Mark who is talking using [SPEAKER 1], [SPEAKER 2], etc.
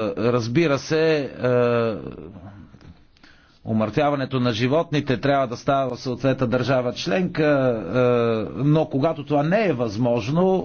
[SPEAKER 1] Е, разбира се, е, умъртяването на животните трябва да става в съответна държава членка, е, но когато това не е
[SPEAKER 2] възможно,